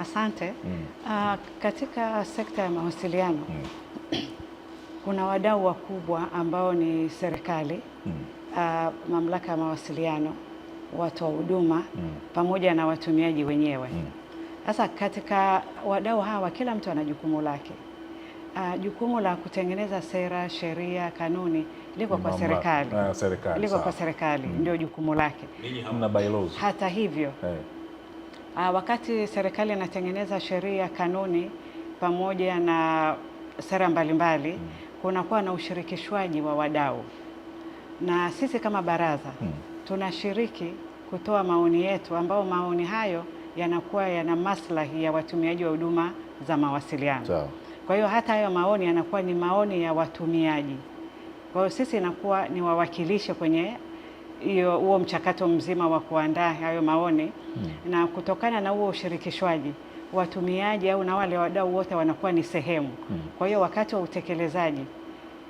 Asante mm. Uh, katika sekta ya mawasiliano mm. kuna wadau wakubwa ambao ni serikali mm. uh, mamlaka ya mawasiliano, watu wa huduma mm. pamoja na watumiaji wenyewe mm. sasa mm. katika wadau hawa kila mtu ana jukumu lake. Uh, jukumu la kutengeneza sera, sheria, kanuni liko kwa serikali, liko kwa serikali mm. ndio jukumu lake. Ninyi hamna bylaws. Hata hivyo hey. Eh. Ah, wakati serikali inatengeneza sheria, kanuni pamoja na sera mbalimbali mm. kunakuwa na ushirikishwaji wa wadau, na sisi kama baraza mm. tunashiriki kutoa maoni yetu, ambao maoni hayo yanakuwa yana maslahi ya watumiaji wa huduma za mawasiliano so. Kwa hiyo hata hayo maoni yanakuwa ni maoni ya watumiaji, kwa hiyo sisi inakuwa ni wawakilishi kwenye hiyo huo mchakato mzima wa kuandaa hayo maoni hmm. na kutokana na huo ushirikishwaji watumiaji au na wale wadau wote wanakuwa ni sehemu hmm. kwa hiyo wakati wa utekelezaji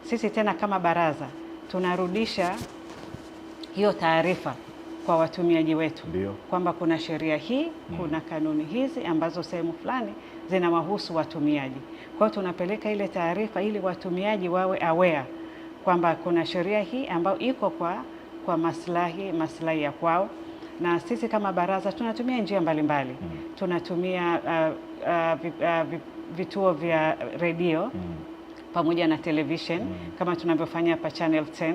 sisi tena kama baraza tunarudisha hiyo taarifa kwa watumiaji wetu kwamba kuna sheria hii hmm. kuna kanuni hizi ambazo sehemu fulani zinawahusu watumiaji. Kwa hiyo tunapeleka ile taarifa ili watumiaji wawe aware kwamba kuna sheria hii ambayo iko kwa kwa maslahi maslahi ya kwao, na sisi kama baraza tunatumia njia mbalimbali mbali. Mm. Tunatumia uh, uh, uh vituo vya redio mm. pamoja na television mm. kama tunavyofanya hapa Channel 10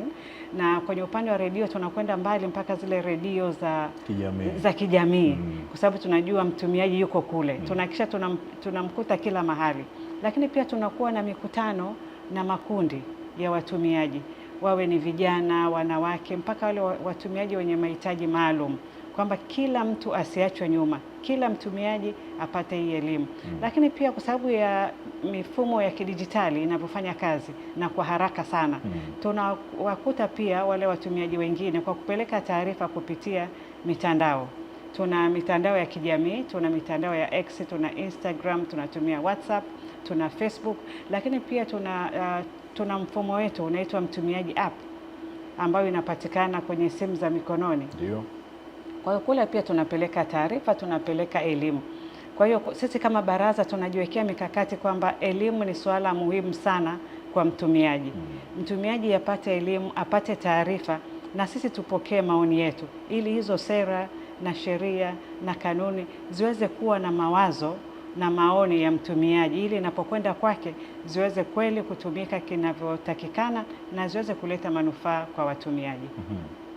na kwenye upande wa redio tunakwenda mbali mpaka zile redio za kijamii, za kijamii mm. kwa sababu tunajua mtumiaji yuko kule mm. tunahakikisha tunam, tunamkuta kila mahali, lakini pia tunakuwa na mikutano na makundi ya watumiaji wawe ni vijana, wanawake, mpaka wale watumiaji wenye mahitaji maalum, kwamba kila mtu asiachwe nyuma, kila mtumiaji apate hii elimu mm. Lakini pia kwa sababu ya mifumo ya kidijitali inavyofanya kazi na kwa haraka sana mm. Tunawakuta pia wale watumiaji wengine kwa kupeleka taarifa kupitia mitandao Tuna mitandao ya kijamii, tuna mitandao ya X, tuna Instagram, tunatumia WhatsApp, tuna Facebook, lakini pia tuna uh, tuna mfumo wetu unaitwa mtumiaji app ambayo inapatikana kwenye simu za mikononi. Ndio. Kwa hiyo kule pia tunapeleka taarifa, tunapeleka elimu. Kwa hiyo sisi kama baraza tunajiwekea mikakati kwamba elimu ni suala muhimu sana kwa mtumiaji. Mm. Mtumiaji apate elimu, apate taarifa na sisi tupokee maoni yetu ili hizo sera na sheria na kanuni ziweze kuwa na mawazo na maoni ya mtumiaji ili inapokwenda kwake ziweze kweli kutumika kinavyotakikana na ziweze kuleta manufaa kwa watumiaji. mm -hmm.